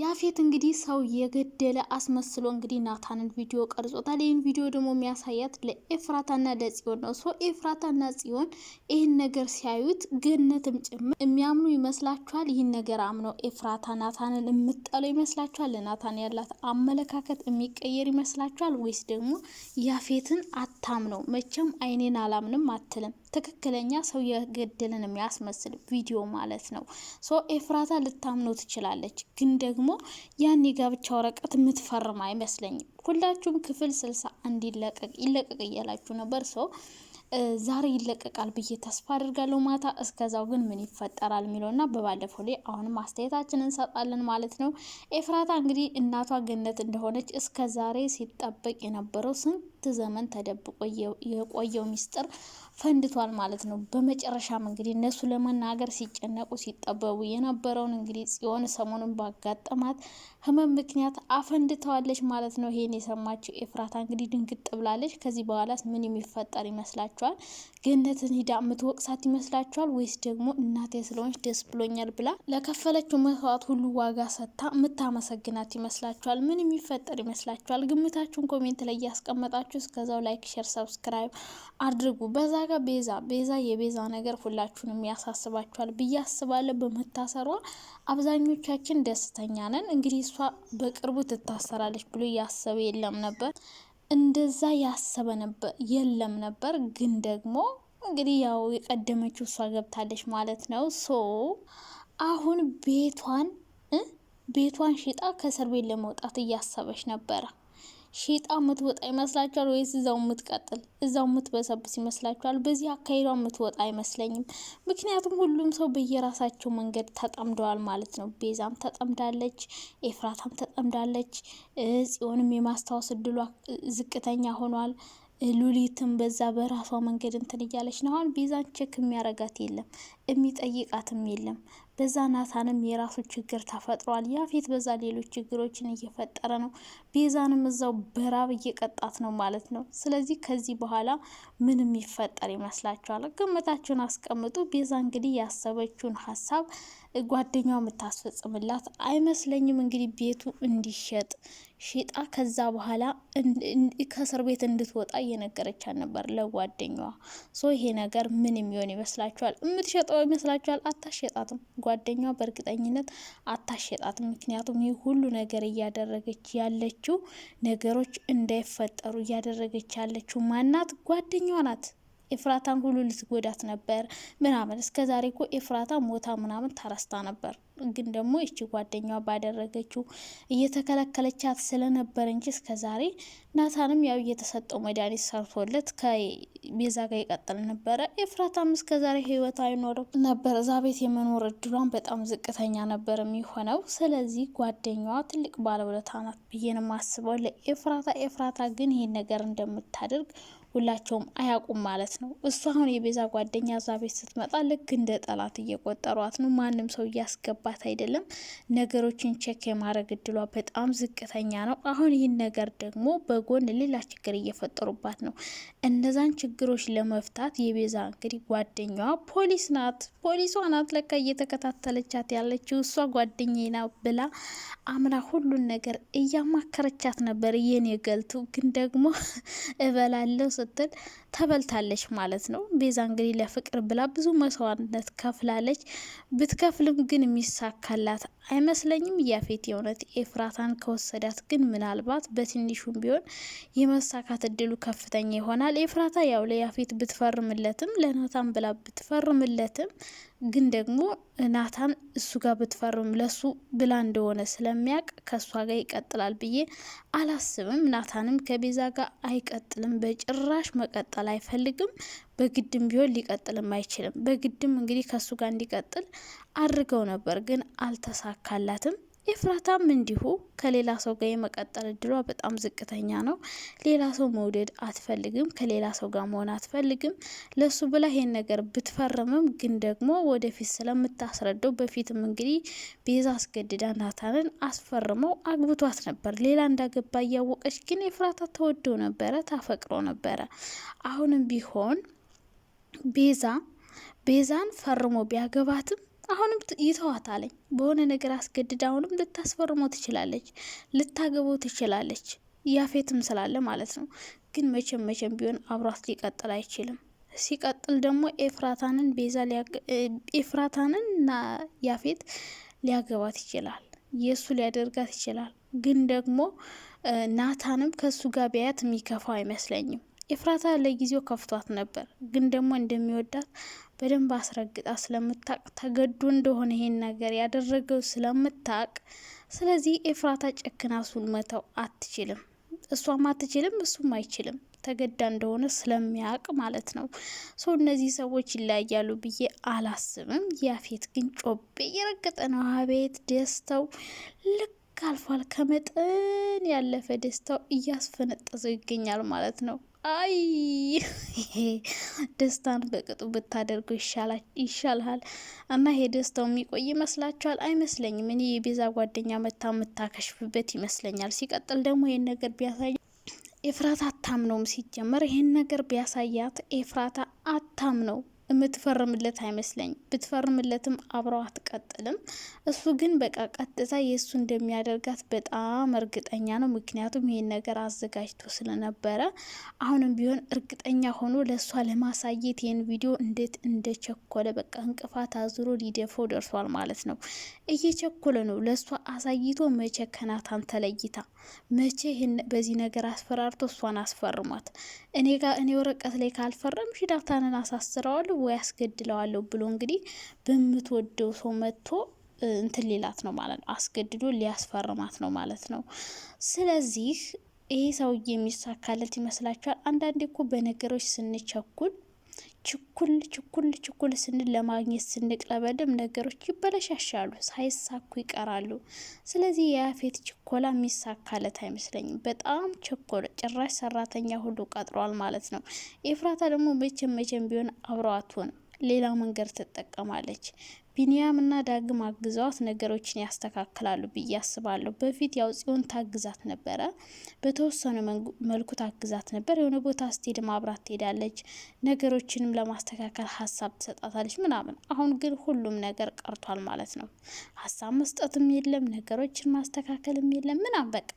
ያፌት እንግዲህ ሰው የገደለ አስመስሎ እንግዲህ ናታንን ቪዲዮ ቀርጾታል። ይህን ቪዲዮ ደግሞ የሚያሳያት ለኤፍራታና ለጽዮን ነው። ሰው ኤፍራታና ጽዮን ይህን ነገር ሲያዩት ገነትም ጭምር የሚያምኑ ይመስላችኋል? ይህን ነገር አምነው ኤፍራታ ናታንን የምጠለው ይመስላችኋል? ለናታን ያላት አመለካከት የሚቀየር ይመስላችኋል? ወይስ ደግሞ ያፌትን አታምነው መቼም አይኔን አላምንም አትልም ትክክለኛ ሰው የገደለን የሚያስመስል ቪዲዮ ማለት ነው። ሶ ኤፍራታ ልታምኖ ትችላለች፣ ግን ደግሞ ያን የጋብቻ ወረቀት የምትፈርም አይመስለኝም። ሁላችሁም ክፍል ስልሳ አንድ ይለቀቅ ይለቀቅ እያላችሁ ነበር ሶ ዛሬ ይለቀቃል ብዬ ተስፋ አድርጋለሁ። ማታ እስከዛው ግን ምን ይፈጠራል የሚለውና በባለፈው ላይ አሁንም አስተያየታችን እንሰጣለን ማለት ነው። ኤፍራታ እንግዲህ እናቷ ገነት እንደሆነች እስከ ዛሬ ሲጠበቅ የነበረው ስንት አራት ዘመን ተደብቆ የቆየው ሚስጥር ፈንድቷል ማለት ነው። በመጨረሻም እንግዲህ እነሱ ለመናገር ሲጨነቁ ሲጠበቡ የነበረውን እንግዲህ ጽዮን ሰሞኑን ባጋጠማት ህመም ምክንያት አፈንድተዋለች ማለት ነው። ይሄን የሰማችው ኤፍራታ እንግዲህ ድንግጥ ብላለች። ከዚህ በኋላስ ምን የሚፈጠር ይመስላችኋል? ገነትን ሂዳ ምትወቅሳት ይመስላችኋል? ወይስ ደግሞ እናቴ ስለሆነች ደስ ብሎኛል ብላ ለከፈለችው መስዋዕት ሁሉ ዋጋ ሰጥታ የምታመሰግናት ይመስላችኋል? ምን የሚፈጠር ይመስላችኋል? ግምታችሁን ኮሜንት ላይ እያስቀመጣችሁ እስከዛው ላይክ፣ ሸር፣ ሰብስክራይብ አድርጉ። በዛ ጋር ቤዛ ቤዛ የቤዛ ነገር ሁላችሁንም ያሳስባችኋል ብዬ አስባለሁ። በመታሰሯ አብዛኞቻችን ደስተኛ ነን። እንግዲህ እሷ በቅርቡ ትታሰራለች ብሎ እያሰበ የለም ነበር እንደዛ ያሰበ ነበር የለም ነበር ግን ደግሞ እንግዲህ ያው የቀደመችው እሷ ገብታለች ማለት ነው። ሶ አሁን ቤቷን ቤቷን ሽጣ ከእስር ቤት ለመውጣት እያሰበች ነበረ። ሼጣ የምትወጣ ይመስላችኋል ወይስ እዛው የምትቀጥል እዛው የምትበሰብስ ይመስላችኋል? በዚህ አካሄዷ የምትወጣ አይመስለኝም። ምክንያቱም ሁሉም ሰው በየራሳቸው መንገድ ተጠምደዋል ማለት ነው። ቤዛም ተጠምዳለች፣ ኤፍራታም ተጠምዳለች፣ ጽዮንም የማስታወስ እድሏ ዝቅተኛ ሆኗል። ሉሊትም በዛ በራሷ መንገድ እንትን እያለች ነው። አሁን ቤዛን ቼክ የሚያረጋት የለም፣ የሚጠይቃትም የለም። በዛ ናታንም የራሱ ችግር ተፈጥሯል። ያፌት በዛ ሌሎች ችግሮችን እየፈጠረ ነው። ቤዛንም እዛው በራብ እየቀጣት ነው ማለት ነው። ስለዚህ ከዚህ በኋላ ምን የሚፈጠር ይመስላችኋል? ግምታችሁን አስቀምጡ። ቤዛ እንግዲህ ያሰበችውን ሀሳብ ጓደኛው የምታስፈጽምላት አይመስለኝም። እንግዲህ ቤቱ እንዲሸጥ ሽጣ ከዛ በኋላ ከእስር ቤት እንድትወጣ እየነገረቻት ነበር ለጓደኛዋ። ሶ ይሄ ነገር ምን የሚሆን ይመስላችኋል? የምትሸጠው ይመስላችኋል? አታሸጣትም ጓደኛዋ በእርግጠኝነት አታሸጣትም። ምክንያቱም ይህ ሁሉ ነገር እያደረገች ያለችው ነገሮች እንዳይፈጠሩ እያደረገች ያለችው ማናት? ጓደኛዋ ናት። ኤፍራታን ሁሉ ልትጎዳት ነበር ምናምን። እስከዛሬ እኮ ኤፍራታ ሞታ ምናምን ተረስታ ነበር። ግን ደግሞ እቺ ጓደኛዋ ባደረገችው እየተከለከለቻት ስለነበር እንጂ እስከ ዛሬ ናታንም ያው እየተሰጠው መድኃኒት ሰርቶለት ከቤዛ ጋር ይቀጥል ነበረ። ኤፍራታም እስከዛሬ ህይወት አይኖርም ነበር። እዛ ቤት የመኖር እድሏን በጣም ዝቅተኛ ነበር የሚሆነው። ስለዚህ ጓደኛዋ ትልቅ ባለውለታ ናት ብዬን ማስበው ለኤፍራታ። ኤፍራታ ግን ይሄን ነገር እንደምታደርግ ሁላቸውም አያውቁም ማለት ነው። እሱ አሁን የቤዛ ጓደኛ እዛ ቤት ስትመጣ ልክ እንደ ጠላት እየቆጠሯት ነው። ማንም ሰው እያስገባ ያለባት አይደለም። ነገሮችን ቼክ የማድረግ እድሏ በጣም ዝቅተኛ ነው። አሁን ይህን ነገር ደግሞ በጎን ሌላ ችግር እየፈጠሩባት ነው። እነዛን ችግሮች ለመፍታት የቤዛ እንግዲህ ጓደኛዋ ፖሊስ ናት። ፖሊሷ ናት ለካ እየተከታተለቻት ያለችው እሷ ጓደኛዬ ና ብላ አምና ሁሉን ነገር እያማከረቻት ነበር። የኔ ገልቱ ግን ደግሞ እበላለው ስትል ተበልታለች ማለት ነው። ቤዛ እንግዲህ ለፍቅር ብላ ብዙ መስዋዕትነት ከፍላለች። ብትከፍልም ግን የሚሳካላት አይመስለኝም። ያፌት የእውነት ኤፍራታን ከወሰዳት ግን ምናልባት በትንሹም ቢሆን የመሳካት እድሉ ከፍተኛ ይሆናል። ኤፍራታ ያው ለያፌት ብትፈርምለትም ለናታን ብላ ብትፈርምለትም ግን ደግሞ ናታን እሱ ጋር ብትፈርም ለሱ ብላ እንደሆነ ስለሚያውቅ ከእሷ ጋር ይቀጥላል ብዬ አላስብም። ናታንም ከቤዛ ጋር አይቀጥልም፣ በጭራሽ መቀጠል አይፈልግም። በግድም ቢሆን ሊቀጥልም አይችልም። በግድም እንግዲህ ከእሱ ጋር እንዲቀጥል አድርገው ነበር፣ ግን አልተሳካላትም። ኤፍራታም እንዲሁ ከሌላ ሰው ጋር የመቀጠል እድሏ በጣም ዝቅተኛ ነው። ሌላ ሰው መውደድ አትፈልግም፣ ከሌላ ሰው ጋር መሆን አትፈልግም። ለሱ ብላ ይሄን ነገር ብትፈርምም ግን ደግሞ ወደፊት ስለምታስረዳው በፊትም እንግዲህ ቤዛ አስገድዳ ናታንን አስፈርመው አግብቷት ነበር። ሌላ እንዳገባ እያወቀች ግን ኤፍራታ ተወደው ነበረ፣ ታፈቅሮ ነበረ። አሁንም ቢሆን ቤዛ ቤዛን ፈርሞ ቢያገባትም አሁንም አለኝ። በሆነ ነገር አስገድድ አሁንም ልታስፈርሞ ትችላለች፣ ልታገበው ትችላለች። ያፌትም ስላለ ማለት ነው። ግን መቼም መቼም ቢሆን አብሯት ሊቀጥል አይችልም። ሲቀጥል ደግሞ ኤፍራታንን ቤዛ ኤፍራታንን እና ያፌት ሊያገባት ይችላል፣ የእሱ ሊያደርጋት ይችላል። ግን ደግሞ ናታንም ከእሱ ጋር ቢያያት የሚከፋው አይመስለኝም። ኤፍራታ ለጊዜው ከፍቷት ነበር፣ ግን ደግሞ እንደሚወዳት በደንብ አስረግጣ ስለምታቅ ተገዱ እንደሆነ ይሄን ነገር ያደረገው ስለምታቅ፣ ስለዚህ ኤፍራታ ጨክና እሱን መተው አትችልም። እሷም አትችልም፣ እሱም አይችልም። ተገዳ እንደሆነ ስለሚያውቅ ማለት ነው። ሶ እነዚህ ሰዎች ይለያያሉ ብዬ አላስብም። ያፌት ግን ጮቤ እየረገጠ ነው። አቤት ደስታው ልክ አልፏል። ከመጠን ያለፈ ደስታው እያስፈነጠዘው ይገኛል ማለት ነው። አይ ደስታን በቅጡ ብታደርጉ ይሻልሃል። እና ይሄ ደስታው የሚቆይ ይመስላችኋል? አይመስለኝም። እኔ የቤዛ ጓደኛ መታ የምታከሽፍበት ይመስለኛል። ሲቀጥል ደግሞ ይህን ነገር ቢያሳይ ኤፍራታ አታምነውም። ሲጀመር ይህን ነገር ቢያሳያት ኤፍራታ አታምነው የምትፈርምለት አይመስለኝ። ብትፈርምለትም አብረው አትቀጥልም። እሱ ግን በቃ ቀጥታ የእሱ እንደሚያደርጋት በጣም እርግጠኛ ነው። ምክንያቱም ይህን ነገር አዘጋጅቶ ስለነበረ አሁንም ቢሆን እርግጠኛ ሆኖ ለእሷ ለማሳየት ይህን ቪዲዮ እንዴት እንደቸኮለ በቃ እንቅፋት አዙሮ ሊደፈው ደርሷል ማለት ነው። እየቸኮለ ነው ለእሷ አሳይቶ መቼ ከናታን ተለይታ መቼ በዚህ ነገር አስፈራርቶ እሷን አስፈርሟት እኔ ጋር እኔ ወረቀት ላይ ካልፈረምሽ ሽዳታንን አሳስረዋል ወይ አስገድለዋለሁ ብሎ እንግዲህ በምትወደው ሰው መጥቶ እንትን ሌላት ነው ማለት ነው። አስገድዶ ሊያስፈርማት ነው ማለት ነው። ስለዚህ ይሄ ሰውዬ የሚሳካለት ይመስላችኋል? አንዳንዴ እኮ በነገሮች ስንቸኩል ችኩል ችኩል ችኩል ስንል ለማግኘት ስንቅለበለብ ነገሮች ይበለሻሻሉ፣ ሳይሳኩ ይቀራሉ። ስለዚህ የያፌት ችኮላ የሚሳካለት አይመስለኝም። በጣም ቸኮለ፣ ጭራሽ ሰራተኛ ሁሉ ቀጥሯል ማለት ነው። ኤፍራታ ደግሞ መቼም መቼም ቢሆን አብረው አትሆንም፣ ሌላ መንገድ ትጠቀማለች። ቢኒያም እና ዳግም አግዘዋት ነገሮችን ያስተካክላሉ ብዬ አስባለሁ። በፊት ያው ጽዮን ታግዛት ነበረ፣ በተወሰነ መልኩ ታግዛት ነበር። የሆነ ቦታ ስትሄድ ማብራት ትሄዳለች፣ ነገሮችንም ለማስተካከል ሀሳብ ትሰጣታለች ምናምን። አሁን ግን ሁሉም ነገር ቀርቷል ማለት ነው። ሀሳብ መስጠትም የለም፣ ነገሮችን ማስተካከልም የለም ምናምን በቃ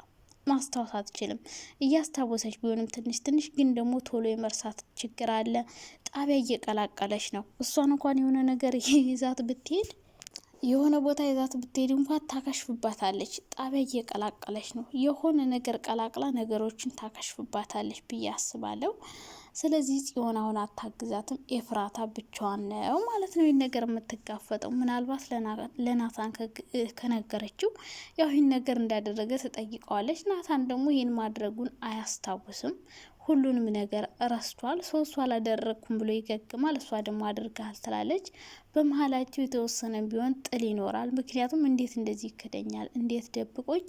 ማስታወስ አትችልም። እያስታወሰች ቢሆንም ትንሽ ትንሽ ግን ደግሞ ቶሎ የመርሳት ችግር አለ። ጣቢያ እየቀላቀለች ነው። እሷን እንኳን የሆነ ነገር ይዛት ብትሄድ የሆነ ቦታ ይዛት ብትሄድ እንኳን ታከሽፍባታለች። ጣቢያ እየቀላቀለች ነው። የሆነ ነገር ቀላቅላ ነገሮችን ታከሽፍባታለች ብዬ አስባለሁ። ስለዚህ ጽዮን አሁን አታግዛትም። ኤፍራታ ብቻዋን ነው ማለት ነው ይህን ነገር የምትጋፈጠው። ምናልባት ለናታን ከነገረችው ያው ይህን ነገር እንዳደረገ ትጠይቀዋለች። ናታን ደግሞ ይህን ማድረጉን አያስታውስም ሁሉንም ነገር ረስቷል። ሶስቱ አላደረግኩም ብሎ ይገግማል፣ እሷ ደግሞ አድርገሃል ትላለች። በመሀላቸው የተወሰነ ቢሆን ጥል ይኖራል። ምክንያቱም እንዴት እንደዚህ ይክደኛል፣ እንዴት ደብቆኝ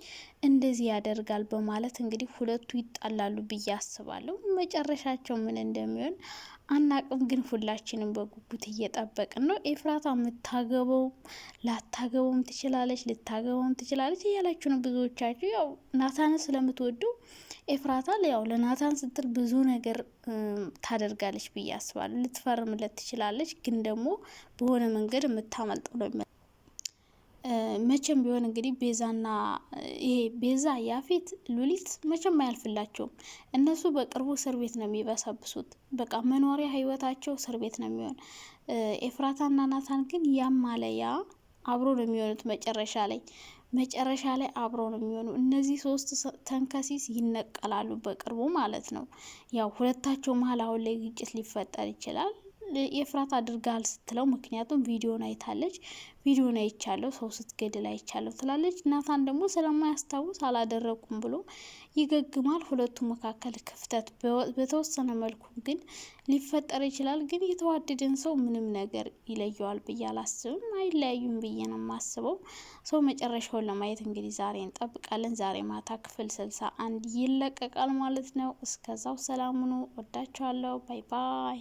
እንደዚህ ያደርጋል በማለት እንግዲህ ሁለቱ ይጣላሉ ብዬ አስባለሁ። መጨረሻቸው ምን እንደሚሆን አናቅም ግን ሁላችንም በጉጉት እየጠበቅን ነው። ኤፍራታ የምታገበውም ላታገበውም ትችላለች፣ ልታገበውም ትችላለች እያላችሁ ነው ብዙዎቻችሁ። ያው ናታንን ስለምትወዱ ኤፍራታ ያው ለናታን ስትል ብዙ ነገር ታደርጋለች ብዬ አስባለሁ። ልትፈርምለት ትችላለች፣ ግን ደግሞ በሆነ መንገድ የምታመልጠው ነው። መቼም ቢሆን እንግዲህ ቤዛና ይሄ ቤዛ ያፌት ሉሊት መቼም አያልፍላቸውም። እነሱ በቅርቡ እስር ቤት ነው የሚበሰብሱት። በቃ መኖሪያ ህይወታቸው እስር ቤት ነው የሚሆን። ኤፍራታና ናታን ግን ያም አለ ያ አብሮ ነው የሚሆኑት። መጨረሻ ላይ መጨረሻ ላይ አብሮ ነው የሚሆኑ። እነዚህ ሶስት ተንከሲስ ይነቀላሉ በቅርቡ ማለት ነው። ያው ሁለታቸው መሀል አሁን ላይ ግጭት ሊፈጠር ይችላል። የፍራት አድርጋል ስትለው፣ ምክንያቱም ቪዲዮን አይታለች። ቪዲዮን አይቻለሁ ሰው ስትገድል አይቻለሁ ትላለች። ናታን ደግሞ ስለማያስታውስ አላደረቁም ብሎ ይገግማል። ሁለቱ መካከል ክፍተት በተወሰነ መልኩ ግን ሊፈጠር ይችላል። ግን የተዋደደን ሰው ምንም ነገር ይለየዋል ብዬ አላስብም። አይለያዩም ብዬ ነው የማስበው። ሰው መጨረሻውን ለማየት እንግዲህ ዛሬ እንጠብቃለን። ዛሬ ማታ ክፍል ስልሳ አንድ ይለቀቃል ማለት ነው። እስከዛው ሰላም ሁኑ። ወዳችኋለሁ። ባይ ባይ